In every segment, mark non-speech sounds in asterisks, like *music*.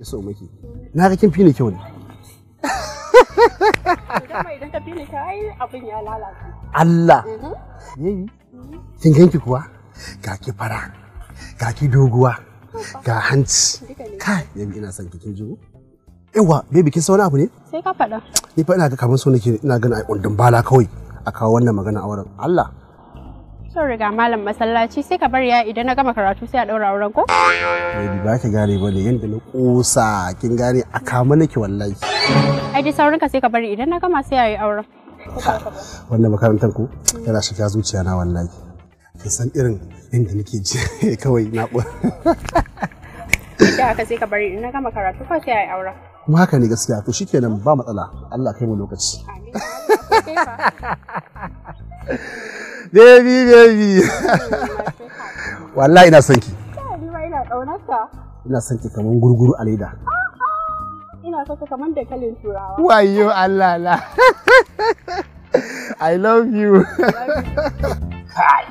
ya so maki na ga kin fi ni kyau ne idan ka fi ni ai abin ya lalace Allah mhm. yayi kin ganki kuwa ga ki fara ga ki doguwa ga hanci kai yabi ina son kin jigo yawa baby kin sauna abu ne sai ka fada ni fa ina ga kamar so nake ina ganin ai undun bala kawai a kawo wannan magana a wurin Allah sun riga malam masallaci sai ka bar ya idan na gama karatu sai a daura auren ko baby ba ki gane ba ne yanda na kosa kin gane a kama nake wallahi ai dai saurin ka sai ka bari idan na gama sai a yi auren wannan makarantar ku yana shiga zuciya na wallahi Ki san irin inda nake ji *laughs* kawai na *laughs* da haka sai ka bari idan na gama karatu ko sai yi aura kuma haka ne gaskiya to shikenan ba matsala Allah kai mu lokaci *laughs* baby baby *laughs* wallahi ina son ki ina son ki kaman gurguru a leda ina son ka kaman da kalin turawa wayo Allah la *laughs* I love you kai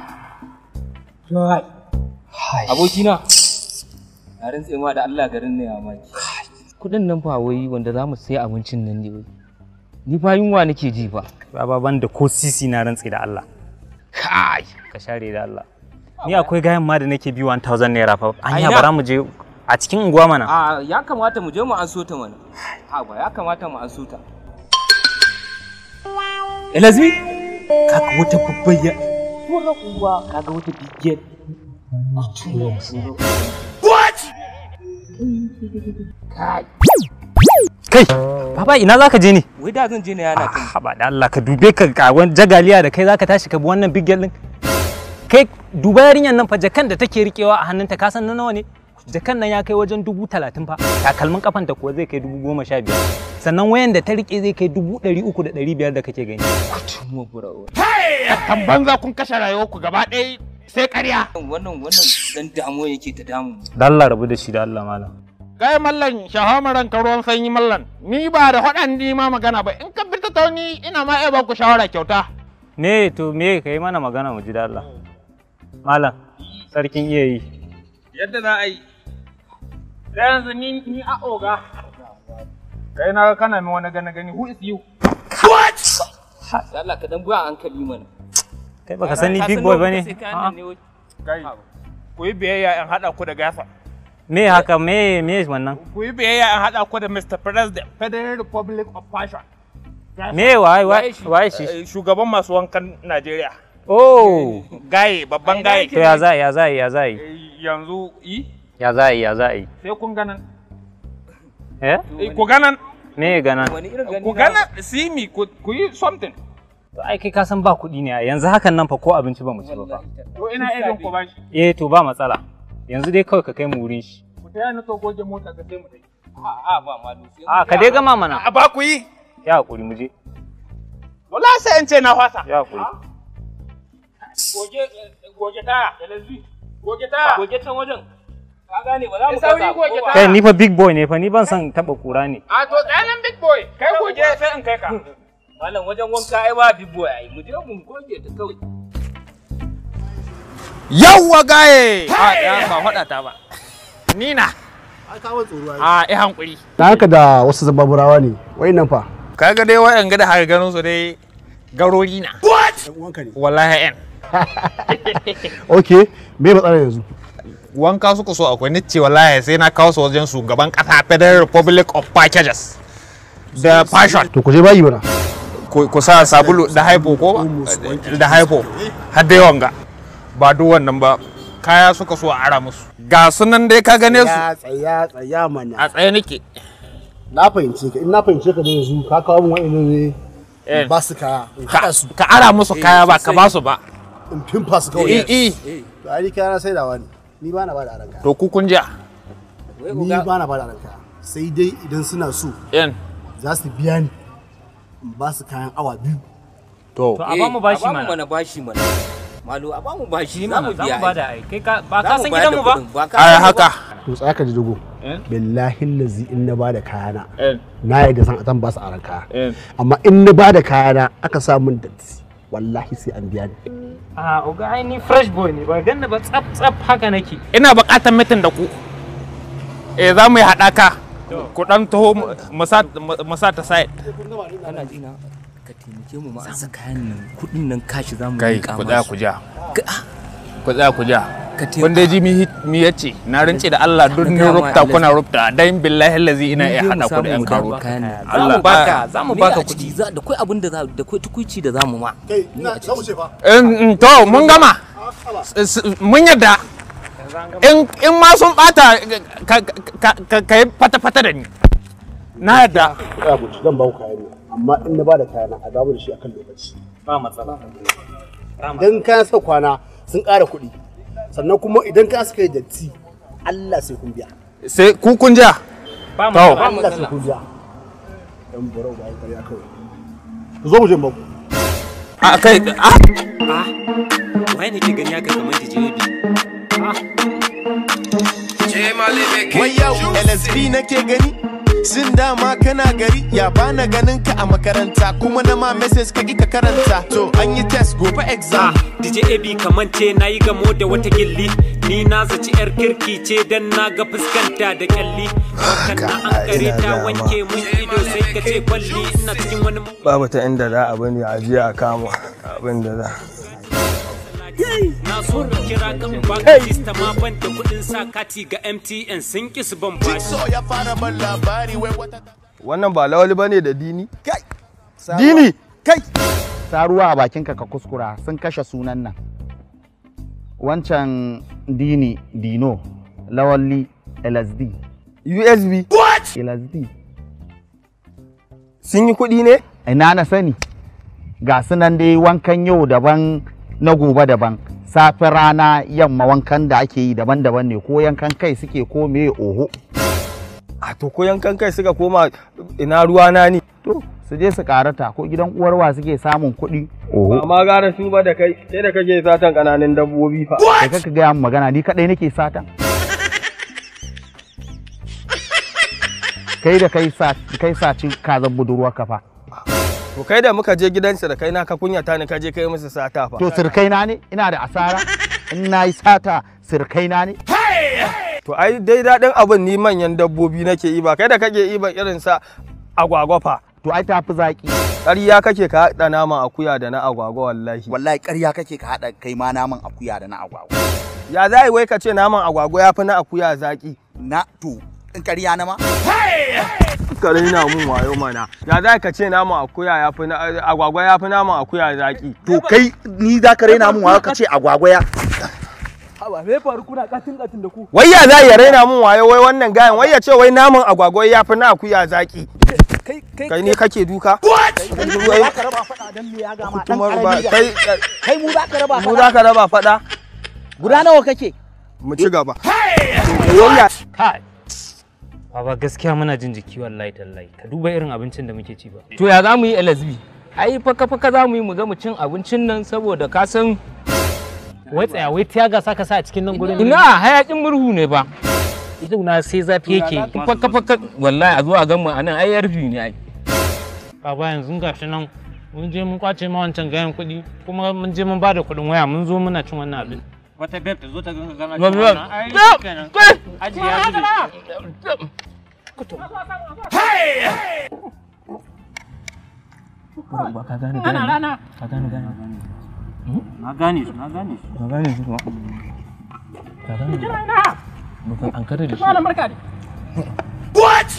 kai abokina na rantse ma da Allah garin ne ya maki kudin nan fa wai wanda zamu sai abincin nan ne ni fa yunwa nake ji fa ba ban da ko sisi na rantse da Allah kai ka share da Allah ni akwai gayan ma da nake bi 1000 naira fa an anya bara mu je a cikin unguwa mana a ya kamata mu je mu an ta mana ha ba ya kamata mu an ta Elazmi eh, ka kaga wata babbayya wannan unguwa ga wata bigiyar What? Kai. Kai, baba ina zaka je ne? Wai da zan je ne yana kan. Haba da Allah ka dube ka wani jagaliya da kai zaka tashi ka bi wannan big girl din. Kai duba yarinyar nan fa jakan da take rikewa a hannunta ka san na nawa ne? Jakan nan ya kai wajen dubu talatin fa. Takalmin kafanta kuwa zai kai dubu goma sha biyar. Sannan wayan da ta rike zai kai dubu ɗari uku da ɗari biyar da kake gani. Kutumo burawo. Kan banza kun kashe ku gaba ɗaya sai ƙarya. Wannan wannan dan damuwa yake ta damu. Da Allah rabu da shi da Allah malam. kai mallan ranka ruwan sanyi mallan ni ba da haɗan ni ma magana ba in ka fita tauni ina ma ba ku shawara kyauta ne to me kai mana magana mu ji da Allah mallan sarkin iya yi yadda za a yi da yanzu ni ni a oga kai na kana mai wani gana gani who is you what Allah ka dan buya hankali mana kai baka sani big boy bane kai ku yi biyayya in hada ku da gafa me haka me me wannan ku yi biyayya an hada ku da Mr President Federal Republic of Fashion me wai wai shi shugaban masu wankan Najeriya oh gaye babban eh, gaye to ya zai ya zai ya zai eh, yanzu yi ya zai ya zai sai kun ganan eh, eh ku ganan me ganan ku ganan simi ku yi something To ai kai ka san ba kuɗi ne yanzu hakan nan fa ko abinci ba mu ci ba fa. To ina irin ku ba shi. Eh to ba matsala. yanzu dai kawai ka kai mu wurin shi ku taya na mota ka sai mu dai A'a, ka dai gama mana ku yi ya hakuri mu je wallahi sai an ce na fasa ya hakuri goge eh, goge ta yanzu goge ta wajen ka gane ba goge ta kai ni big boy ne fa ni ban san taba kura ne a to tsayanan big boy kai goge sai in kai ka malam wajen wanka ai ba big boy ai mu je mu goge ta kawai yawwa gaye a ya ba faɗa ta ba nina a ah, ya hankuri na haka da wasu zababurawa ne wai nan fa kaga dai wa'yan gada haka ganin su dai garori na what wallahi yan *laughs* okay me matsala yanzu wanka suka so akwai ni ce wallahi sai na kawo su wajen shugaban kasa federal republic of packages da fashion to ku je bayi bana ku sa sabulu da haifo ko da haifo har dai wanga ba duk wannan ba kaya suka so a ara musu ga sunan dai ka gane su tsaya tsaya mana a tsaye nake na fahimce ka in na fahimce ka yanzu ka kawo min wa'annan ne eh. ba su kaya su ka ara musu eh, kaya ba ka ba su ba in fimfa su kawai eh eh, eh to ai kaya na sai da wani ni ba na ba da ranka to ku kun ja ni ba na ba da ranka kaya sai dai idan suna so za su biya ni in ba su kayan awa biyu to a ba mu bashi mana malu a bamu ba shi mu biya ba da ai kai ba ka san gidan mu ba ai haka to tsaya ka ji dugo eh? billahi lazi in na bada kayana eh. na yadda san zan ba su aran kaya eh. amma in na bada kayana aka sa min datti wallahi sai an biya ni a uga ai ni fresh boy ne ba ganna ba tsaf tsaf haka nake ina bukatar mitin da ku eh za mu yi haɗaka ku dan taho masa sa ta side ana jina ka taimake mu ma nan kashi za mu kai ku za ku ja ah. ku za ku ja ji mi yace na rance da Allah duk rubta kuna rubta dan billahi allazi ina ya hada ku da yan Allah baka za mu baka kuɗi za da kai abin da za da kai tukuici da za mu ma kai za mu ce fa to mun gama ah, mun yadda in ma sun bata ka yi fata fata da ni na yadda zan ba ku kayan amma in na bada kayana a dawo da shi akan lokaci ba matsala dan kayan sa kwana sun ƙara kuɗi sannan kuma idan ka suka yi datti Allah sai kun biya sai ku kun ja ba matsala sai kun ja dan barau ba kai kawai ku zo mu je mu a kai a a wai ne ke gani aka kamar jijebi a je malebe ke wai yau lsp nake gani Sun dama kana gari ya bana ganin ka a makaranta kuma na ma message ka ka karanta to an yi test gobe exam ah, DJ AB kamance na yi gamo da wata gilli ni na zaci yar kirki ce dan na ga fuskanta da kyalli wakanna an kare ta wanke mun ido sai ka ce kwalli ina cikin wani babu ta inda za a bani a a kama abin da za na so in kira kan baka kista ma ban da kudin sa kati ga MTN sun ki su ban bashi wannan ba lawali bane da dini kai dini kai saruwa a bakinka ka kuskura sun kashe sunan nan wancan dini dino lawalli lsd usb what lsd sun yi kuɗi ne ina na sani ga sunan dai wankan yau daban na gobe daban safe rana yamma wankan da ake yi daban-daban ne ko yankan kai suke ko me oho a to ko yankan kai suka koma ina ruwa na ni to su je su karata ko gidan uwarwa suke samun kuɗi oho amma gara su ba da kai sai da kake satan kananin dabbobi fa da kaka ga mu magana ni kadai nake satan kai da kai sa kai saci kazan budurwa kafa To kai da muka je gidan sirkai na ka kunyata ni ka je kai musu sata fa. To sirkai na ne ina da asara in na yi sata sirkai na ne. To ai dai daɗin abin ni manyan dabbobi nake iba kai da kake iba irin sa agwagwa fa. To ai tafi zaki. Ƙarya kake ka haɗa naman akuya da na agwagwa wallahi. Wallahi ƙarya kake ka haɗa kai ma naman akuya da na agwagwa. Ya za wai ka ce naman agwagwa ya fi na akuya zaki. Na to in ƙarya na ma. ka raina mun wayo mana ya za ka ce naman akuya ya fi agwagwa ya fi naman akuya zaki to kai ni za ka raina mun wayo ka ce agwagwa ya Haba, me faru kuna katin katin da ku wai ya za ya raina mun wayo wai wannan gayan wai ya ce wai naman agwagwa ya fi na akuya zaki kai ne kake duka eh, kai mu za ka raba fada mu za ka raba fada guda nawa kake mu ci gaba kai Baba gaskiya muna jin jiki wallahi tallahi ka duba irin abincin da muke ci ba. To ya za mu yi LSB? Ai faka faka za mu yi mu ga mu cin abincin nan saboda ka san Wai tsaya wai tiyaga saka sa a cikin nan gurin. Ina hayakin murhu ne ba. Ita na sai zafi yake. Faka faka wallahi a zo a gan mu anan ai yarfi ne ai. Baba yanzu gashi nan mun je mun kwace ma wancan gayan kuɗi kuma mun je mun ba da kuɗin waya mun zo muna cin wannan abin. wata babe zo ta ganga gana cikin wannan ai kenan aji ya zube kutum hey ba ka gane gane rana ka gane gane hmm? na gane su na gane su ka gane su ba ka gane kira ina mutum an kare da shi malam barka ne what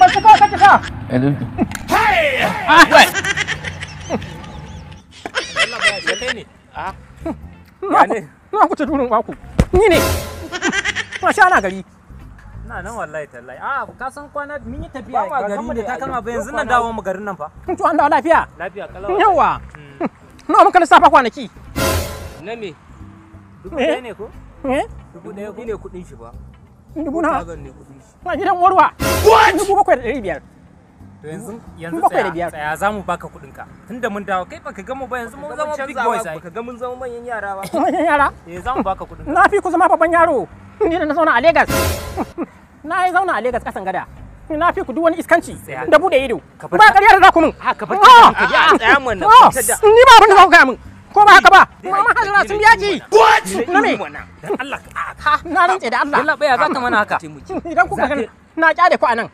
ba ka ka ka ka hey kai ne ah. *laughs* a ne ni ne ma sha na gari na nan wallahi tallahi ah, ka san kwana yi tafiya gari ba yanzu nan dawo mu garin nan fa an dawo lafiya lafiya kalawa hmm. na muka kwanaki na me dubu ɗaya ne ko eh dubu ɗaya ne kuɗin shi ba dubu na gidan warwa dubu bakwai da ɗari biyar yanzu yanzu tsaya tsaya za mu baka kuɗin ka tunda mun dawo kai baka gamu ba yanzu mun zama big boys ai baka gamu zama manyan yara ba manyan yara *laughs* eh za mu baka kuɗin na fi ku zama babban yaro ni na zauna a Lagos na yi zauna a Lagos kasan gada na fi ku duk wani iskanci da bude ido ba ƙarya da za ku min ha ka bar ka ya tsaya mun ni ba abin da za ku gaya min ko ba haka ba mama hajjara sun biya ji na me Allah na rantse da Allah Allah baya za ka mana haka idan kuka na kyale ku nan.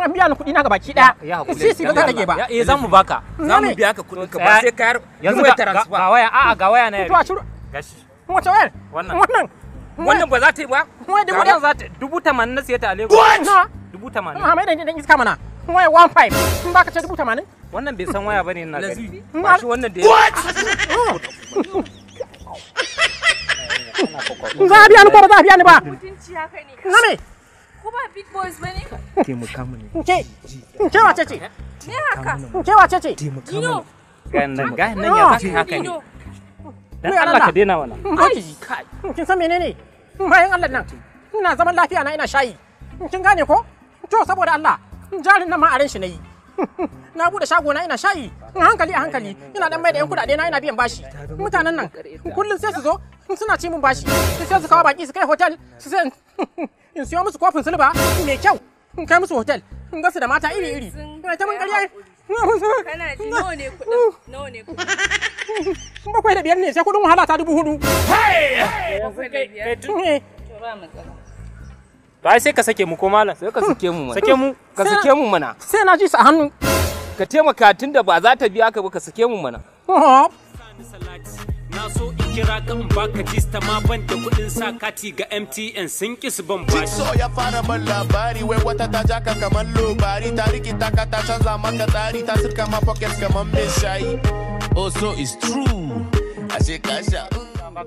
na biya kuɗi na gabaki daya sisi ba ta rage ba eh za mu baka za mu biya ka kuɗin ka ba sai ka yar yanzu ga waya a'a ga waya na to a shiru gashi wace wayar wannan wannan wannan ba za ta yi ba wai dubu za ta dubu tamanin na siya ta a lagos dubu tamanin a ah, mai da dan iska mana waya one five in baka ce dubu tamanin wannan bai san waya bane na gari ba shi wannan da ya *laughs* za a biya ni ba za a biya ni ba mutunci haka ne ko ba big boys bane taimaka mana ke ke wace ce me haka ke wace ce dino ganin nan ya zaka haka ne dan Allah ka daina wannan kai kin san menene bayan Allah nan ina zaman lafiya na ina shayi kin gane ko to saboda Allah jarin nan ma a ran shi nayi na bude shago na ina shayi hankali a hankali ina dan mai da yan kudade na ina biyan bashi mutanen nan kullun sai su zo suna ci mun bashi su sai su kawo baki su kai hotel su sai in siyo musu kofin silba mai kyau in kai musu hotel in ga su da mata iri iri kana ta mun ƙarya kana ji nawa ne kuɗin nawa ne kuɗin bakwai da biyar ne sai kuɗin wahala ta dubu hudu to ai sai ka sake mu ko malam sai ka sake mu sake mu ka sake mu mana sai na ji su a hannu ka taimaka tunda ba za ta biya ka ba ka sake mu mana na so kira ka in baka jista ma ban da kuɗin sa kati ga MTN sun ki su ban bashi. So ya fara ban labari wai wata ta jaka kamar lobari ta rikita ka ta canza maka tsari ta sirka ma pocket kamar mai shayi. Oh so it's true. Ashe ka sha.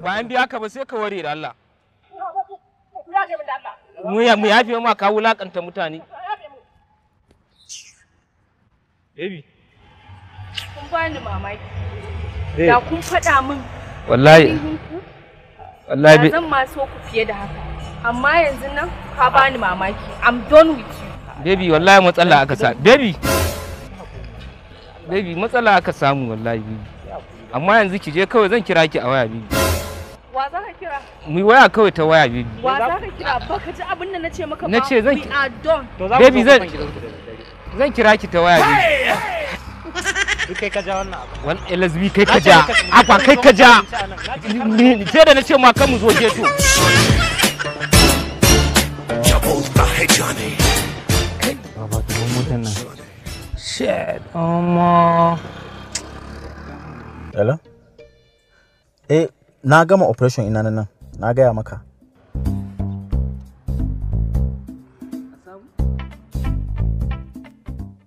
Bayan biya ka ba sai ka ware da Allah. Mu ya mu fi ma ka wulakanta mutane. Baby. Kun bani mamaki. Da kun faɗa min wallahi wallahi zan ma so ku fiye da haka amma yanzu nan ka bani mamaki i'm done with you baby wallahi matsala aka sa baby baby matsala aka samu wallahi baby amma yanzu ki je kawai zan kira ki a waya baby wa za ka kira mu waya kawai ta waya baby wa za ka kira ka ji abin da nace maka ba nace zan ki baby zan zan kira ki ta waya baby kai ka ja wani lsb kai ka ja akwa kai ka ja sai da na ce ma kan zo geto Baba, Hello? Eh, na gama operation ina nan na gaya maka.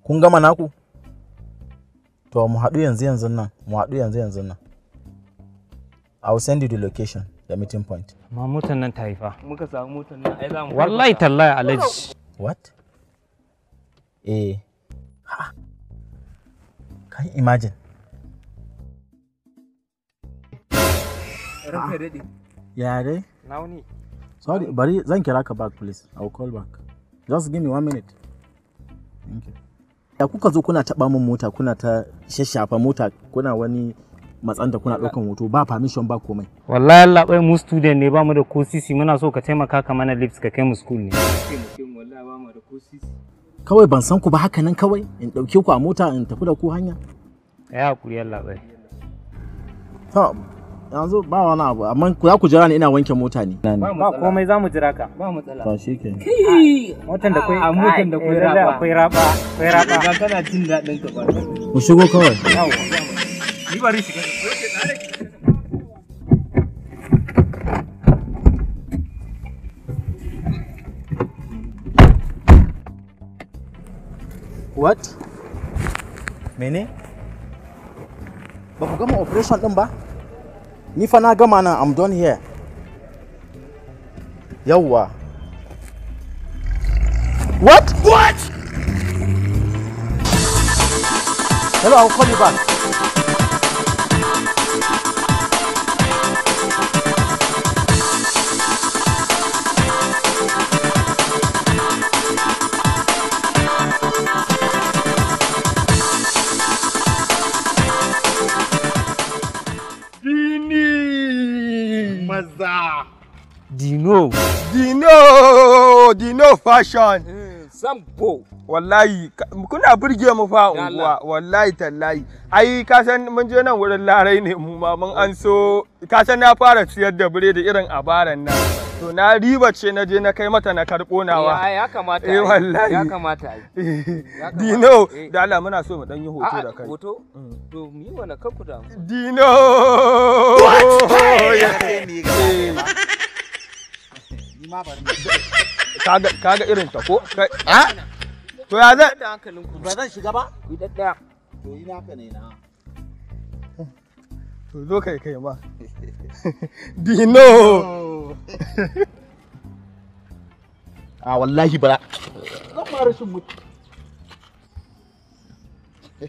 Kun gama naku? To mu haɗu yanzu yanzu nan, mu haɗu yanzu yanzu nan. I will send you the location, the meeting point. Amma motar nan ta haifa. Muka samu motar nan ai za mu Wallahi tallahi alaji What? Eh. Ha. Can you imagine? Ranka daɗe. Ya dai? Launi. Sorry, bari zan kira ka back please. I will call back. Just give me one minute. Thank you. ya kuka zo kuna taɓa min mota kuna ta shashafa mota kuna wani matsan da kuna ɗaukan hoto ba permission ba komai wallahi Allah bai mu student ne ba mu da ko muna so ka taimaka ka mana lips ka kai mu school ne kawai ban san ku ba haka nan kawai in ɗauke ku a mota in tafi da ku hanya ya hakuri Allah bai yanzu ba wani abu amma za ku jira ni ina wanke mota ne ba komai zamu jira ka ba matsala to shike motan da ah, kai a motan da kai raba akwai raba kai raba ga kana jin dadin ka ba ku shigo kawai ni bari shiga What? Mene? Ba ku gama operation din ba? Nifana Gamana, na i'm done here yawwa what what hello i'll call you back Dino. Dino! Dino fashion. Mm, eh, Sampo. Wallahi, kuna burge mu fa unguwa, wallahi tallahi. Ai, ka san mun je nan wurin larai ne mu ma mun an so, ka san na fara siyar da biredi irin a baran nan. To na riba ce na je na kai mata na karɓo nawa. Eh, ya kamata. Eh, wallahi. Ya kamata. *laughs* Eh, Dino, eh. da Allah muna so mu dan yi hoto da kai. Hoto? Mm. To mu yi mana kanku da. Dino! What? *laughs* ma *laughs* bari kaga kaga irin ta ko a to ya da hankalin ku ba zan shiga ba ku daddaya to ne na to zo kai kai ma *laughs* dino a *laughs* ah, wallahi zan ma rashin mutu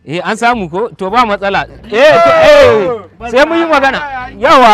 Eh an samu ko to ba matsala eh eh, eh! sai mu yi magana yawa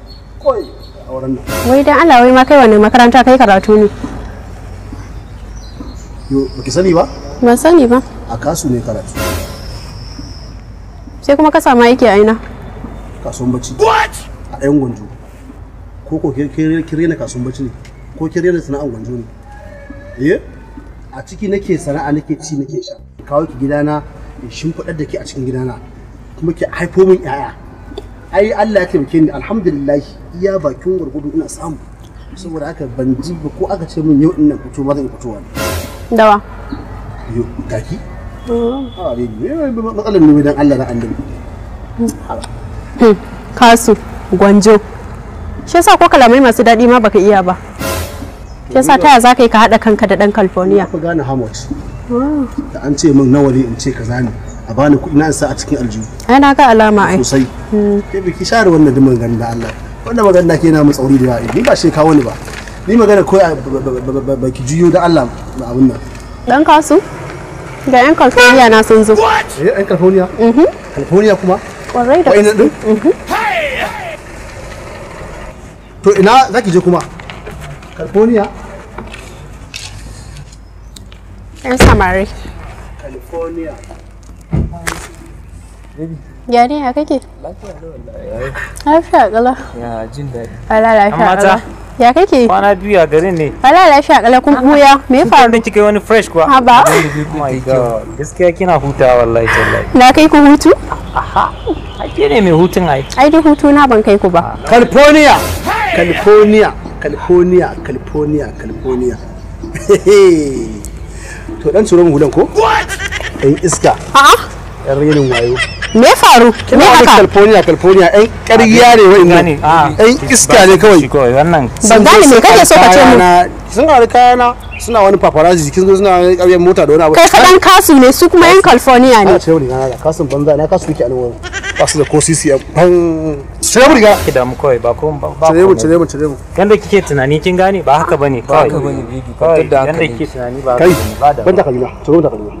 kawai a wurin nan wai dan Allah wai ma kai wani makaranta kai karatu ne yo baki sani ba ban sani ba a kasu ne karatu sai kuma ka samu aiki a ina kasuwan bacci a yan gwanjo ko ko kire na kasuwan bacci ne ko kire na sana'an gwanjo ne eh a ciki nake sana'a nake ci nake sha kawo ki gidana in shimfiɗar da ke a cikin gidana kuma ki haifo min 'ya'ya ai Allah ya taimake ni alhamdulillah iya bakin gurgudu ina samu saboda haka ban ji ba ko aka ce min yau ina fito ba zan fito wani dawa yo kaki a ne ne matsalar ne dan Allah na annabi hmm. kasu gwanjo shi yasa ko kalamai masu daɗi ma baka iya ba shi yasa taya za ka yi ka haɗa kanka da ɗan california ka gane how mm. da an ce min nawa ne in ce kaza ne a bani kuɗi na sa a cikin aljihu ai na ga alama ai sosai hmm. kai ki share wannan dimin ganin da Allah wannan magana ke na mu tsauri da yawa ni ba shi kawo ni ba ni magana ba baki juyo da Allah ba abin nan dan kasu ga yan California na sun zo eh yan California mhm California kuma kwarai da wa'ina din mhm. to ina zaki je kuma California yan samari California Ya ne ya kake? Lafiya kala. Ya jin daɗi. Ala lafiya kala. Ya kake? Kwana biyu a garin ne. Ala lafiya kala kun buya. Me ya faru? Kun kika wani fresh kuwa. Ha ba. Oh Gaskiya kina hutawa wallahi tallahi. Na kai ku hutu? Aha. Ake ne mai hutun ai. Ai dai hutu na ban kai ku ba. California. California. California. California. California. To dan tsoro mu hudan ko? yan iska yan renin wayo me ya faru me haka california california yan ƙarya ne ah, iska ne kawai wannan ban gane me kake so ka ce mu sun ga kayana suna wani paparazzi suna wani ƙauyen mota da wani abu kai kasu ne su kuma yan california ne a ce wani na banza na kasu a ba su da ko sisi ban cire mu riga ki damu kawai ba ko ba mu mu mu yanda kike tunani kin gane ba haka bane kawai ba haka bane yanda kike tunani ba haka ba ban da kalima da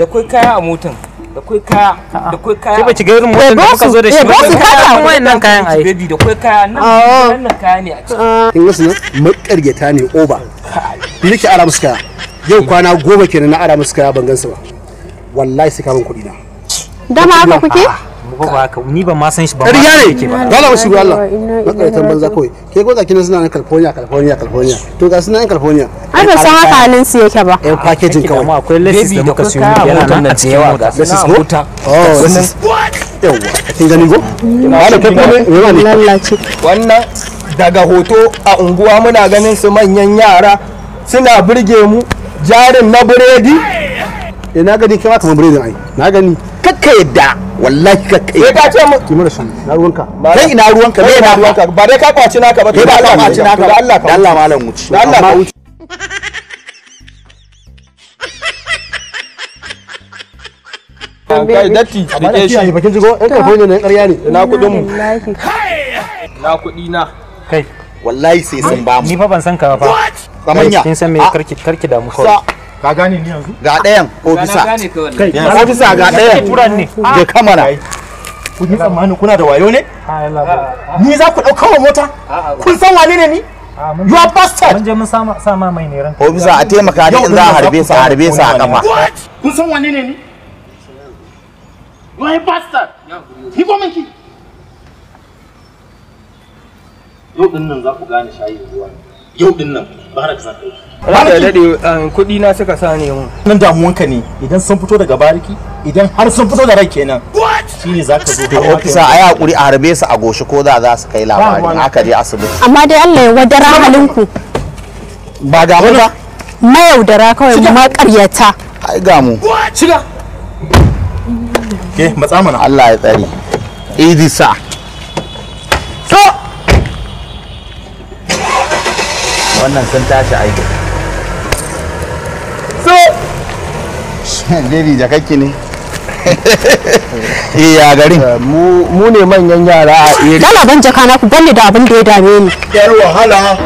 da kai kaya a motan da kai kaya da kai kaya ke bace ga irin motan da muka zo da shi ba su kaya wayannan kayan ai baby da kai kaya nan ah. wannan kaya ne a cikin ah. kin wasu makaryata ne oba ni nake ara musu kaya yau kwana goma kenan na ara musu kaya ban gansu ba wallahi sai ka ban kuɗi na dama haka kuke ba ba haka ni ba ma san shi ba ma san yake ba dole mu shigo Allah makaratan banza kawai ke goza kina suna nan California California California to ga suna nan California ai ba san haka halin su yake ba eh packaging kawai amma akwai lesis da muka siyo yana nan a yawa oh, ga lesis go oh wannan yawa kin gani go wala kai kuma ne lallace wannan daga hoto a unguwa muna ganin su manyan yara suna burge mu jarin na biredi ina eh, gani kai ma kamar biredin ai na gani kakka yadda wallahi ka kai sai ka ce mu ki mara shi na ruwanka kai ina ruwanka me na ruwanka ba dai ka kwaci naka ba to ba ka kwaci naka ba Allah ka Allah malam wuce Allah ka wuce kai shi jigo ne na ƙarya ne na mu na na kai wallahi sai sun ba mu ni fa ban san ka ba fa kamanya kin san me ah. karki karki da mu kawai ka gane ni yanzu ga ɗayan ofisa ofisa ga ɗayan turan ne ga ah. kamara kun yi tsammanin kuna da wayo ne ah, ah, ni za ku ɗauka wa mota kun san wane ne ni you are bastard mun je mun mai ne ranka ofisa a taimaka ni in za a harbe sa harbe sa a kafa kun san wane ne ni you are a bastard yau za ku gane shayi yau din nan ba da kasa kai Ranka daɗe kuɗi na suka sa ne mun. Nan damuwanka ne idan sun fito daga bariki idan har sun fito da rai kenan. Shine za ka zo da ofisa a yi hakuri a harbe su a goshi ko da za su kai labari haka je asibiti. Amma dai Allah ya wadara halinku. Ba ga mu ba. Mayaudara kawai ma ƙaryata. Ai ga mu. Shiga. Ke matsa mana Allah ya tsare. Idi sa. wannan sun tashi aiki so jebi jakakki ne eh *laughs* ya gari eh, mu ne manyan yara a iri kana ban jaka na ku balle da abin da ya dame ni yar wahala